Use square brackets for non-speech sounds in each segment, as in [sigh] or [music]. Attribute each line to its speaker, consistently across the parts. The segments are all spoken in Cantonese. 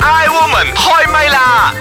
Speaker 1: I Woman 開唛啦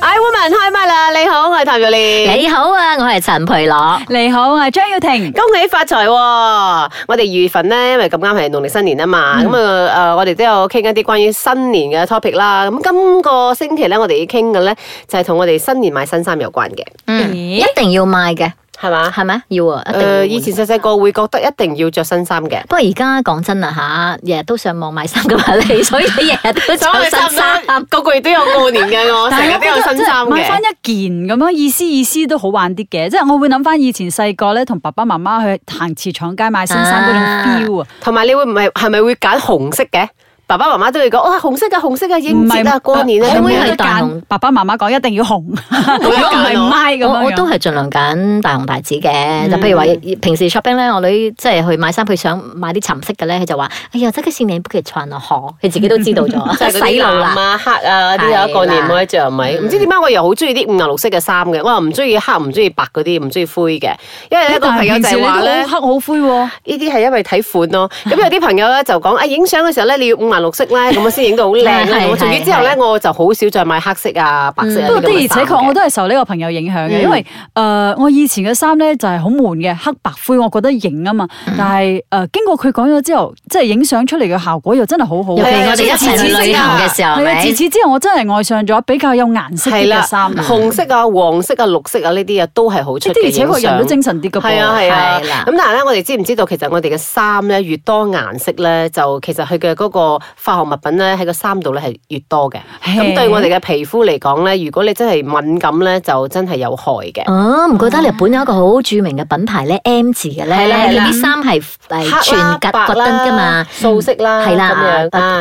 Speaker 1: ！I Woman 開唛啦！你好，我係譚玉蓮。你好啊，我係陳培樂。你好，我係張
Speaker 2: 耀庭。恭喜發財、啊！我哋二月份呢，因為咁啱係農曆新年啊嘛，咁、嗯呃、我哋都有傾一啲關於新年嘅 topic 啦。咁今個星期咧，我哋要傾嘅咧就
Speaker 1: 係、是、同我哋新年買新衫有關嘅。嗯， [laughs] 一定要買嘅。係嘛？係咪要啊、呃！以前細細個會覺得一定要着新衫嘅。不過而家講真啦吓，日日都上網買衫咁樣咧，所以你日日都着新衫。啊， [laughs] 個個月都有過年嘅 [laughs] 我，個個月都有新衫嘅、就是。買翻一
Speaker 3: 件咁樣意思意思都好玩啲嘅。即係 [laughs] [laughs] 我會諗翻以前細個咧，同爸爸媽媽去行慈廠街買新衫嗰種 feel 啊。同埋你會唔會係咪會揀紅色嘅？爸爸媽媽都會講，哦，係紅色嘅，紅色嘅，應該唔係啦，過年咧，紅嘅都揀。爸爸媽媽講一定要紅，如果唔係唔係咁樣。我都
Speaker 1: 係盡量揀大紅大紫嘅。就譬如話平時 shopping 咧，我女即係去買衫，佢想買啲沉色嘅咧，佢就話：哎呀，即刻是你，不其傳啊！可，佢自己都知道咗，即係洗腦啊，
Speaker 2: 黑啊，啲啊，過年可以着咪？唔知點解我又好中意啲五顏六色嘅衫嘅，我又唔中意黑，唔中意白嗰啲，唔中意灰嘅。因為一個朋友就係話咧，黑好灰喎，呢啲係因為睇款咯。咁有啲朋友咧就講：，啊，影相嘅時候咧，你要淡綠色咧，咁啊先影到好靚。我從今之後咧，我就好少再買黑色啊、白色。不過的而且確
Speaker 3: 我都係受呢個朋友影響嘅，因為誒我以前嘅衫咧就係好悶嘅，黑白灰，我覺得型啊嘛。但係誒經過佢講咗之後，即係影相出嚟嘅效果又真係好好。我哋一次旅行嘅時候，係啊，自此之後我真係愛上咗比較有顏色嘅衫，紅色啊、黃色啊、綠色啊呢啲啊都係好出色。而且個人都精神啲嘅，係啊係
Speaker 2: 啊。咁但係咧，我哋知唔知道？其實我哋嘅衫咧越多顏色咧，就其實佢嘅嗰個。化學物品咧喺個衫度咧係越多嘅，咁對我哋嘅皮膚嚟講咧，如果你真係敏感咧，就真係有害嘅。
Speaker 1: 嗯，唔覺得日本有一個好著名嘅品牌咧 M 字嘅咧，呢啲衫係全格覺得噶嘛，素色啦，係啦，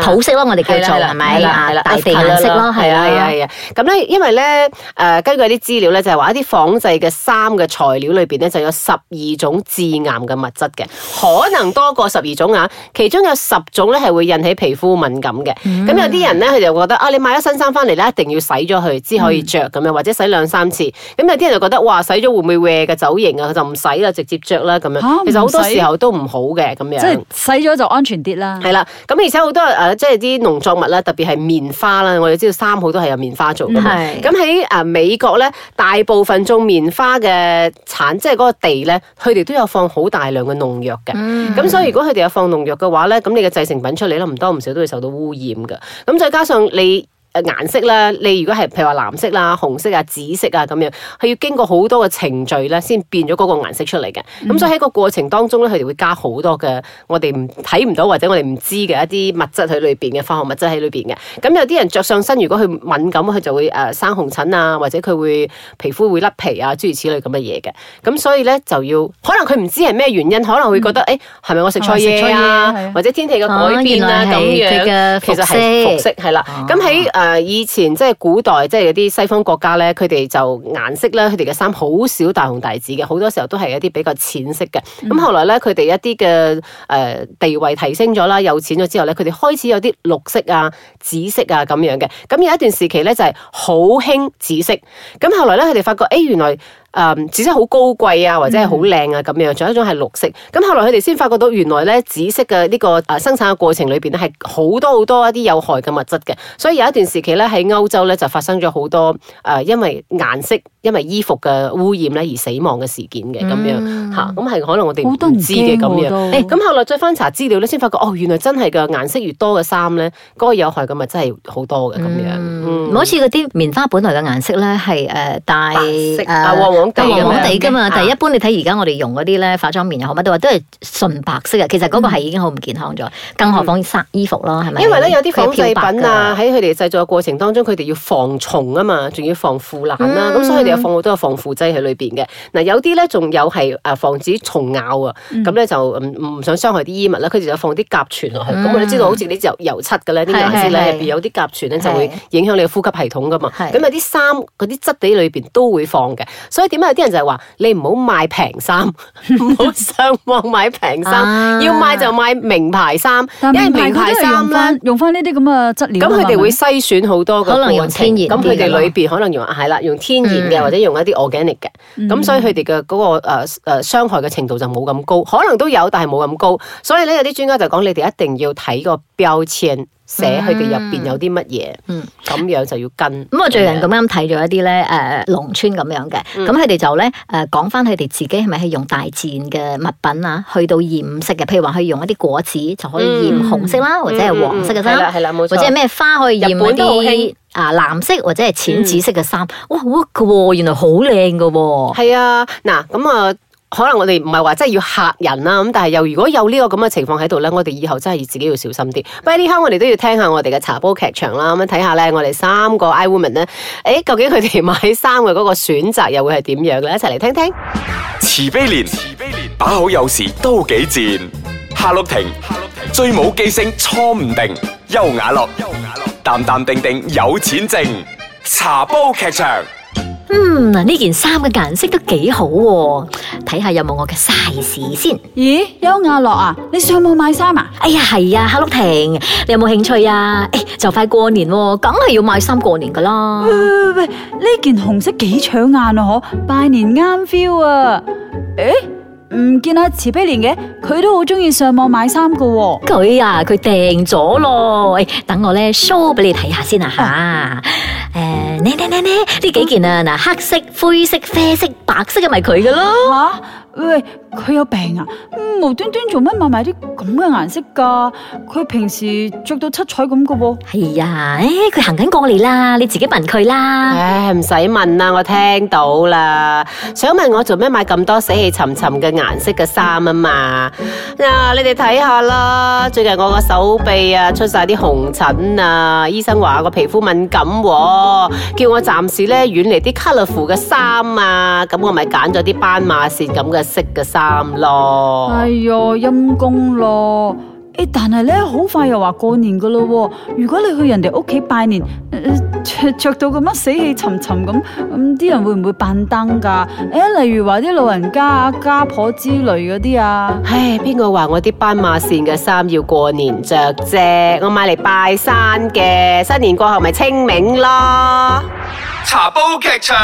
Speaker 1: 土色咯，我哋叫做係咪係啦，大地色咯，係啊係啊，咁咧因為咧
Speaker 2: 誒根據啲資料咧就係話一啲仿製嘅衫嘅材料裏邊咧就有十二種致癌嘅物質嘅，可能多過十二種啊，其中有十種咧係會引起皮膚敏感嘅，咁、嗯、有啲人咧，佢就覺得啊，你買咗新衫翻嚟咧，一定要洗咗佢先可以着咁樣，嗯、或者洗兩三次。咁、嗯、有啲人就覺得哇，洗咗會唔會歪嘅走形啊？佢就唔洗啦，直接着啦咁樣。啊、其實好多時候都唔好嘅，咁樣。即
Speaker 3: 係洗咗就安全啲啦。係啦，咁而且好
Speaker 2: 多誒，即係啲農作物啦，特別係棉花啦，我哋知道衫好多係由棉花做噶嘛。咁喺誒美國咧，大部分種棉花嘅產，即係嗰個地咧，佢哋都有放好大量嘅農藥嘅。咁、嗯、所以如果佢哋有放農藥嘅話咧，咁你嘅製成品出嚟都唔多唔～就都會受到污染噶，咁再加上你。誒顏色啦，你如果係譬如話藍色啦、紅色啊、紫色啊咁樣，係要經過好多嘅程序咧，先變咗嗰個顏色出嚟嘅。咁所以喺個過程當中咧，佢哋會加好多嘅我哋唔睇唔到或者我哋唔知嘅一啲物質喺裏邊嘅化學物質喺裏邊嘅。咁有啲人着上身，如果佢敏感，佢就會誒生紅疹啊，或者佢會皮膚會甩皮啊，諸如此類咁嘅嘢嘅。咁所以咧就要，可能佢唔知係咩原因，可能會覺得誒，係咪我食錯嘢啊，或者天氣嘅改變啊咁樣。嘅其實，服飾係啦。咁喺誒以前即係古代，即係有啲西方國家咧，佢哋就顏色咧，佢哋嘅衫好少大紅大紫嘅，好多時候都係一啲比較淺色嘅。咁、嗯、後來咧，佢哋一啲嘅誒地位提升咗啦，有錢咗之後咧，佢哋開始有啲綠色啊、紫色啊咁樣嘅。咁有一段時期咧，就係好興紫色。咁後來咧，佢哋發覺，誒、欸、原來。紫色好高貴啊，或者係好靚啊咁樣，仲有一種係綠色。咁後來佢哋先發覺到，原來咧紫色嘅呢個生產嘅過程裏邊咧係好多好多一啲有害嘅物質嘅，所以有一段時期咧喺歐洲咧就發生咗好多誒，因為顏色，因為衣服嘅污染咧而死亡嘅事件嘅咁樣嚇，咁係可能我哋唔知嘅咁樣，咁後來再翻查資料咧，先發覺哦，原來真係嘅顏色越多
Speaker 1: 嘅衫咧，嗰個有害嘅物真係好多嘅咁樣，唔好似嗰啲棉花本來嘅顏色咧係誒帶白色啊黃黃地嘅嘛，但係一般你睇而家我哋用嗰啲咧化妝棉又好乜都話都係純白色嘅，其實嗰個係已經好唔健康咗，更何況衫衣服咯，係咪？因為咧有啲仿製品啊，
Speaker 2: 喺佢哋製作嘅過程當中，佢哋要防蟲啊嘛，仲要防腐爛啦，咁所以放好多防腐劑喺裏邊嘅，嗱，有啲咧仲有係誒防止蟲咬啊，咁咧就唔唔想傷害啲衣物啦，佢就放啲甲醛落去。咁啊，你知道好似呢油油漆嘅咧，啲顏色咧入邊有啲甲醛咧，就會影響你嘅呼吸系統噶嘛。咁啊，啲衫嗰啲質地裏邊都會放嘅。所以點解有啲人就係話你唔好買平衫，唔好上網買平衫，要買就買名牌衫，因為名牌衫
Speaker 3: 咧用翻呢啲咁嘅質料。咁佢哋會篩選好多，可能用天然。咁佢哋裏邊可能用
Speaker 2: 係啦，用天然嘅。或者用一啲 organic 嘅，咁所以佢哋嘅嗰個誒誒傷害嘅程度就冇咁高，可能都有，但係冇咁高。所以咧有啲專家就講，你哋一定要睇個標
Speaker 1: 籤，寫佢哋入邊有啲乜嘢，咁樣就要跟。咁我最近咁啱睇咗一啲咧誒農村咁樣嘅，咁佢哋就咧誒講翻佢哋自己係咪係用大自然嘅物品啊，去到染色嘅，譬如話去用一啲果子就可以染紅色啦，或者係黃色嘅啦，或者係咩花可以染嗰啲。啊，藍色或者係淺紫色嘅衫，嗯，哇好嘅，原來好靚嘅。係啊，嗱咁啊，可能我哋唔係話
Speaker 2: 真係要嚇人啦，咁但係又如果有呢個咁嘅情況喺度咧，我哋以後真係自己要小心啲。不過呢刻我哋都要聽下我哋嘅茶煲劇場啦，咁樣睇下咧，我哋三個 I woman 咧，誒，究竟佢哋買衫嘅嗰個選擇又會係點樣咧？一齊嚟聽聽。
Speaker 1: 慈悲蓮，慈悲蓮，把好有時都幾賤。夏綠庭，夏綠庭，追舞機聲錯唔定。優雅樂，優雅樂。淡淡定定有錢剩，茶煲劇場。嗯，嗱，呢件衫嘅顏色都幾好喎，睇下有冇我嘅 size 先。咦，邱雅樂啊，你上網買衫啊？哎呀，係啊，夏樂婷，你有冇興趣啊？誒，就快過年喎，梗係要買衫過年噶啦。喂，呢
Speaker 3: 件紅色幾搶眼啊，嗬，拜年啱 feel 啊。誒。唔見阿慈悲蓮嘅，佢都好中意上網買衫噶、哦。佢啊，佢訂咗
Speaker 1: 咯，等我咧 show 俾你睇下先啊吓。誒、啊，呢呢呢呢，呢幾件啊，嗱、啊，黑色、灰色、啡色、白色嘅咪佢噶咯。吓、啊、喂！佢
Speaker 3: 有病啊！無端端做咩買埋啲咁嘅顏色噶？佢平時着到七彩咁噶喎。係啊、哎，誒、
Speaker 1: 哎，佢行緊過嚟啦，你自己問佢啦。唉、哎，唔
Speaker 2: 使問啦，我聽到啦。想問我做咩買咁多死氣沉沉嘅顏色嘅衫啊嘛？嗱、啊，你哋睇下啦，最近我個手臂啊出晒啲紅疹啊，醫生話我個皮膚敏感、啊，叫我暫時咧遠離啲 colorful 嘅衫啊，咁我咪揀咗啲斑馬線咁嘅色嘅衫。啱
Speaker 3: 咯，哎喲陰功咯！誒，但係咧好快又話過年噶咯，如果你去人哋屋企拜年，着着到咁樣死氣沉沉咁，咁啲人會唔會扮燈噶？誒，例如話啲老人家啊、家婆之類嗰啲啊，
Speaker 2: 唉，邊個話我啲斑馬綫嘅衫要過年着啫？我買嚟拜山嘅，新年過後咪清明咯。
Speaker 1: 茶煲劇場。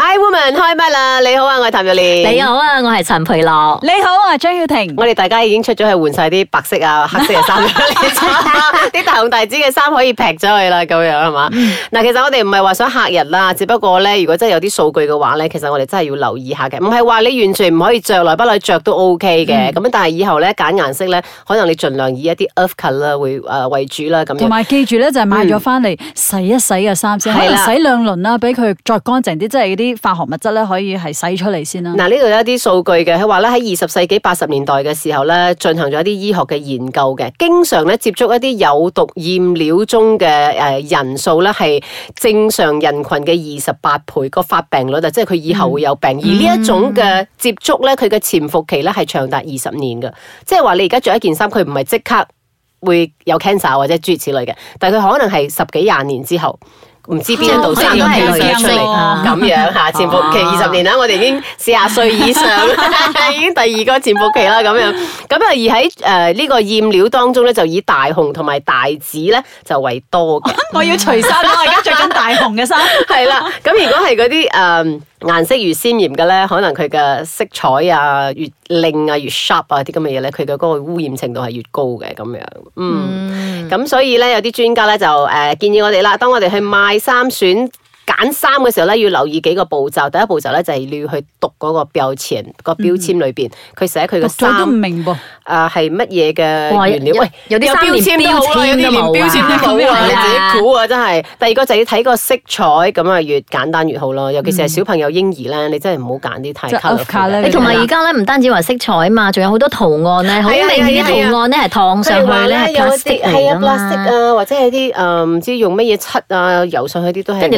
Speaker 2: I woman 開嘜啦！你好啊，我係譚玉蓮。你好啊，我係陳培樂。你好啊，張曉婷。 [music] 我哋大家已經出咗去換晒啲白色啊、黑色嘅衫，啲 [laughs] [laughs] [laughs] 大紅大紫嘅衫可以劈咗去啦。咁樣係嘛？嗱， [laughs] 其實我哋唔係話想吓人啦，只不過咧，如果真係有啲數據嘅話咧，其實我哋真係要留意下嘅。唔係話你完全唔可以着來不嚟着都 OK 嘅。咁、嗯、但係以後咧揀顏色咧，可能你盡量以一啲 earth color 會為主啦。咁同埋記
Speaker 3: 住咧，就係、是、買咗翻嚟洗一洗嘅衫先，嗯、洗兩輪啦，俾佢着乾淨啲，即係啲。 [music] 啲化學物質咧可以係洗出嚟先啦。嗱，呢度有一啲
Speaker 2: 數據嘅，佢話咧喺二十世紀八十年代嘅時候咧，進行咗一啲醫學嘅研究嘅，經常咧接觸一啲有毒染料中嘅誒人數咧係正常人群嘅二十八倍，個發病率就即係佢以後會有病。嗯、而呢一種嘅接觸咧，佢嘅潛伏期咧係長達二十年嘅，即係話你而家着一件衫，佢唔係即刻會有 cancer 或者諸如此類嘅，但係佢可能係十幾廿年之後。唔知邊一度先染出嚟，咁樣嚇，潛伏期二十年啦，我哋已經四啊歲以上， [laughs] [laughs] 已經第二個潛伏期啦，咁樣，咁啊而喺誒呢個染料當中咧，就以大紅同埋大紫咧就為多嘅。 [laughs] 我要除衫啦， [laughs] 我而家着緊大紅
Speaker 3: 嘅衫。係啦
Speaker 2: [laughs] 咁如果係嗰啲誒。呃顏色越鮮豔嘅咧，可能佢嘅色彩啊，越靚啊，越 sharp 啊啲咁嘅嘢咧，佢嘅嗰個污染程度係越高嘅，咁樣。Mm. 嗯，咁所以咧，有啲專家咧就誒、呃、建議我哋啦，當我哋去買衫選。揀衫嘅時候咧，要留意幾個步驟。第一步驟咧就係你要去讀嗰個標籤，個標籤裏邊佢寫佢嘅衫都唔明噃。誒，係乜嘢嘅原料？喂，有啲有標籤都好啊，有啲連標籤都好啊，你自己估啊，真係。第二個就要睇個色彩，咁啊越簡單越好咯。尤其是係小朋友、嬰兒咧，你真係唔好揀啲太 colourful。你同埋而家
Speaker 1: 咧，唔單止話色彩啊嘛，仲有好多圖案咧，好明顯嘅圖案咧係燙上去，係 colour 啊，
Speaker 2: 或者係啲誒唔知用乜嘢漆啊油上去啲都係。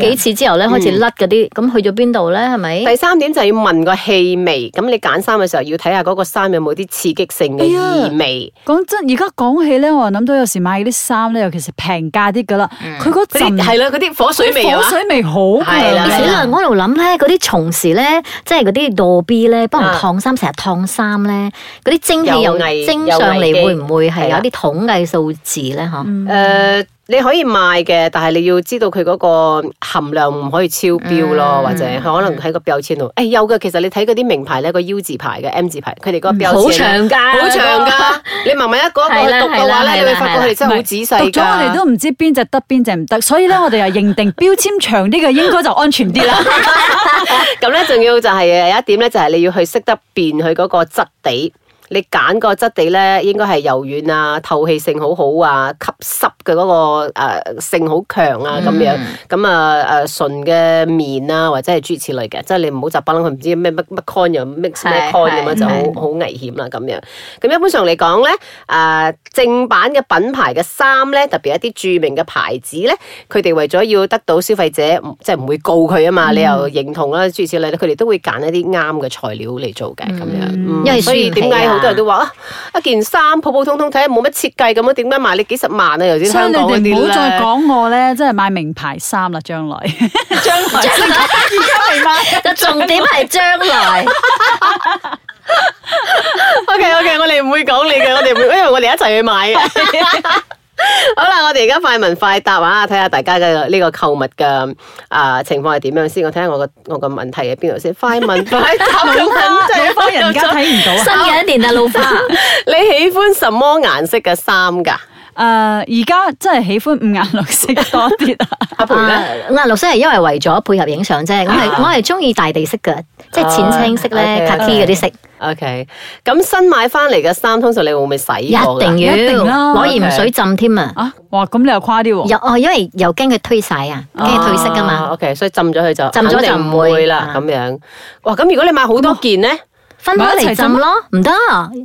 Speaker 2: 幾次之後咧，開始甩嗰啲，咁去咗邊度咧？係咪？第三點就要聞個氣味。咁你揀衫嘅時候要睇下嗰個衫有冇啲刺激性嘅異味。
Speaker 3: 講真，而家講起咧，我又諗到有時買啲衫咧，尤其是平價啲噶啦，佢嗰陣係啦，嗰啲火水味，火水味
Speaker 1: 好㗎。而且我喺度諗咧，嗰啲從時咧，即係嗰啲羅 B 咧，幫人燙衫，成日燙衫咧，嗰啲蒸汽又蒸上嚟，會唔會係有啲統計數字咧？嚇？
Speaker 2: 誒。你可以賣嘅，但係你要知道佢嗰個含量唔可以超標咯，嗯、或者可能喺個標籤度，誒、嗯哎、有嘅。其實你睇嗰啲名牌咧，個 U 字牌嘅 M 字牌，佢哋個標籤好長㗎，好長㗎。然長你慢慢一個一個去讀嘅話咧，你會發覺佢哋真係好仔細。如果我哋都唔
Speaker 3: 知邊隻得邊隻唔得，所以咧我哋又認定標籤長啲嘅應該就安全啲啦。咁咧仲要就係有一點咧，就係你要
Speaker 2: 去識得辨佢嗰個質地。你揀個質地咧，應該係柔軟啊、透氣性好好啊、吸濕嘅嗰、嗰個、呃、性好強啊咁、mm hmm. 樣，咁啊誒純嘅棉啊，或者係諸如此類嘅，即係你唔好雜崩佢唔知咩乜乜 con 又 mix 乜 con，咁樣就好很的危險啦、啊、咁樣。咁一般上嚟講咧，誒、呃、正版嘅品牌嘅衫咧，特別一啲著名嘅牌子咧，佢哋為咗要得到消費者即係唔會告佢啊嘛，mm hmm. 你又認同啦，諸如此類佢哋都會揀一啲啱嘅材料
Speaker 3: 嚟做嘅咁樣，所以點
Speaker 2: 解？Hmm. Mm hmm. mm hmm. 啲都話啊，一件衫普普通通睇下冇乜設計
Speaker 3: 咁樣，點解賣你幾十萬啊？又啲香港啲唔好再講我咧，真係買名牌衫啦。將來將來，將來而家名牌，就重點係將來。
Speaker 2: OK OK，我哋唔會講你嘅，我哋唔會， [laughs] 因為我哋一齊去買嘅。 [laughs] 好啦，我哋而家快問快答啊，睇下大家嘅呢個購物嘅啊、呃、情況係點樣先。我睇下我個我個問題喺邊度先。快問快問 [laughs] 答，就、 [laughs] 啊、 [laughs] 一幫人，又睇唔到。新嘅一年啊，老花。
Speaker 3: [laughs] 你喜歡什麼顏色嘅衫噶？誒，而家真係喜歡五顏六色多啲啊。阿
Speaker 1: 婆，咧，嗱，綠色係因為為咗配合影相啫。咁係我係中意大地色嘅。即係淺青色咧，卡其嗰啲色。O K，咁新買翻嚟嘅衫，通常你會唔會洗過嘅？一定要，攞鹽水浸添啊！哇，咁你又誇啲喎！因為又驚佢褪晒啊，驚佢褪色噶嘛。O K，所以浸咗佢就浸咗就唔會啦。咁樣，哇，咁如果你買好多件咧，
Speaker 2: 分開嚟浸咯，唔
Speaker 1: 得，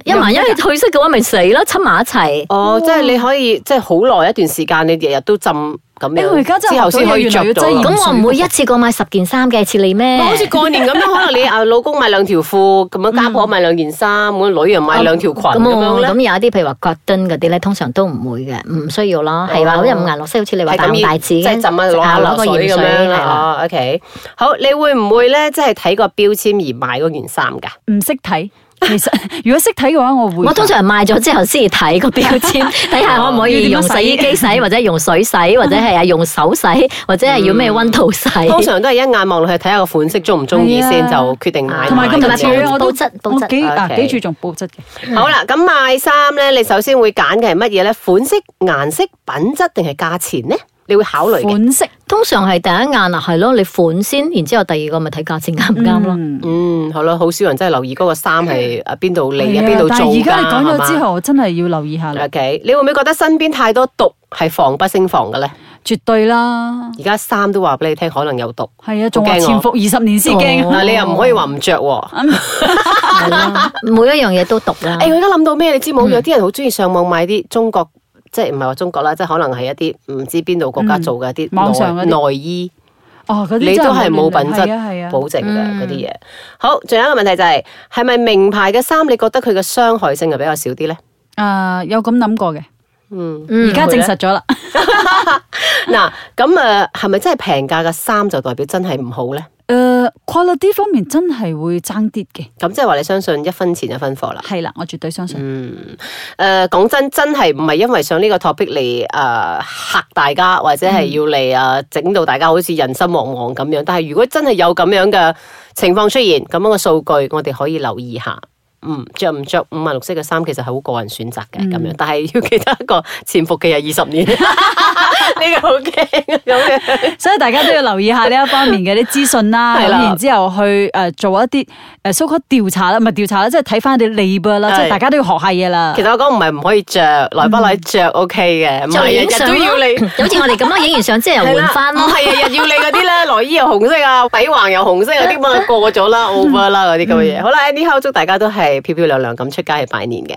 Speaker 1: 一埋一褪色
Speaker 2: 嘅話，咪死咯，浸埋一齊。哦，即係你可以，即係好耐一段時間，你日日都浸。咁樣之後先可以著到、那個、我唔會一
Speaker 1: 次過買十件衫嘅，似你咩？好似過年咁樣， [laughs] 可能你啊老公買兩條褲咁樣，家婆買兩件衫，咁、嗯、女又買兩條裙咁、啊、有一啲譬如話格頓嗰啲咧，通常都唔會嘅，唔需要啦，係話好似五顏六色，好似你話大紅大紫即係浸下落落個鹽水咁樣啦。
Speaker 2: OK，好，你會唔會咧即係睇個標籤而買嗰件衫噶？
Speaker 3: 唔識睇。其實如果識睇嘅話，我會我通常買咗之後先
Speaker 1: 睇個標籤，睇下可唔可以用洗衣機洗， [laughs] 或者用水洗，或者係啊用手洗，或者係要咩溫度洗，嗯。通常都係一眼望落去睇下個款式中唔中意先，啊，就決定買。同埋同埋，佢我
Speaker 2: 都質，質我幾 Okay. 啊幾注重保質。Okay. 好啦，咁賣衫咧，你首先會揀嘅係乜
Speaker 1: 嘢咧？款式、顏色、品質定係價錢呢？你會考慮款式，通常係第一眼啊，係咯，你款先，然之後第二個咪睇價錢啱唔啱咯。嗯，
Speaker 2: 係咯，好少人真係留意嗰個衫係啊邊度嚟嘅，邊度做。而家你講咗之
Speaker 1: 後真係要留意下。O K，你會
Speaker 2: 唔會覺得身邊太多毒係防不勝防嘅咧？絕對啦！而家衫都話俾你聽，可能有毒。係啊，仲話潛伏二十年先驚。啊，你又唔可以話唔着喎。
Speaker 1: 每一樣嘢都毒啦。誒，我而家
Speaker 2: 諗到咩？你知冇？有啲人好中意上網買啲中國。即係唔係話中國啦，即係可能係一啲唔知邊度國家做嘅一啲內內衣，哦，你都係冇品質保證嘅嗰啲嘢。好，仲有一個問題就係、是，係咪名牌嘅衫，你覺得佢嘅傷害性係比較少啲咧？
Speaker 3: 誒、呃，有咁諗過嘅，嗯，而家、嗯、證實
Speaker 2: 咗啦。嗱、嗯，咁誒，係咪 [laughs] 真係平價嘅衫就代表真係唔好咧？quality 方面真係會爭啲嘅，咁即係話你相信一分錢一分貨啦。係啦，我絕對相信。嗯，誒、呃，講真，真係唔係因為上呢個 topic 嚟誒吓大家，或者係要嚟啊整到大家好似人心惶惶咁樣。但係如果真係有咁樣嘅情況出現，咁樣嘅數據，我哋可以留意下。嗯，着唔着五顏六色嘅衫，其實係好個人選擇嘅咁樣。但係要記得一
Speaker 3: 個潛伏期係
Speaker 2: 二十年。 [laughs]
Speaker 3: 呢個好驚，所以大家都要留意下呢一方面嘅啲資訊啦，咁然之後去誒做一啲誒 survey 調查啦，唔係調查啦，即係睇翻啲 label 啦，即係大家都要學下嘢啦。其實我講唔係唔可以着，來不來着，O K 嘅，唔係日日都要你。好似我哋咁啊，影完相即係又換翻
Speaker 2: 咯。係啊，日要你嗰啲咧，內衣又紅色啊，底橫又紅色嗰啲嘛，過咗啦，over 啦嗰啲咁嘅嘢。好啦，呢刻祝大家都係漂漂亮亮咁出街去拜年嘅。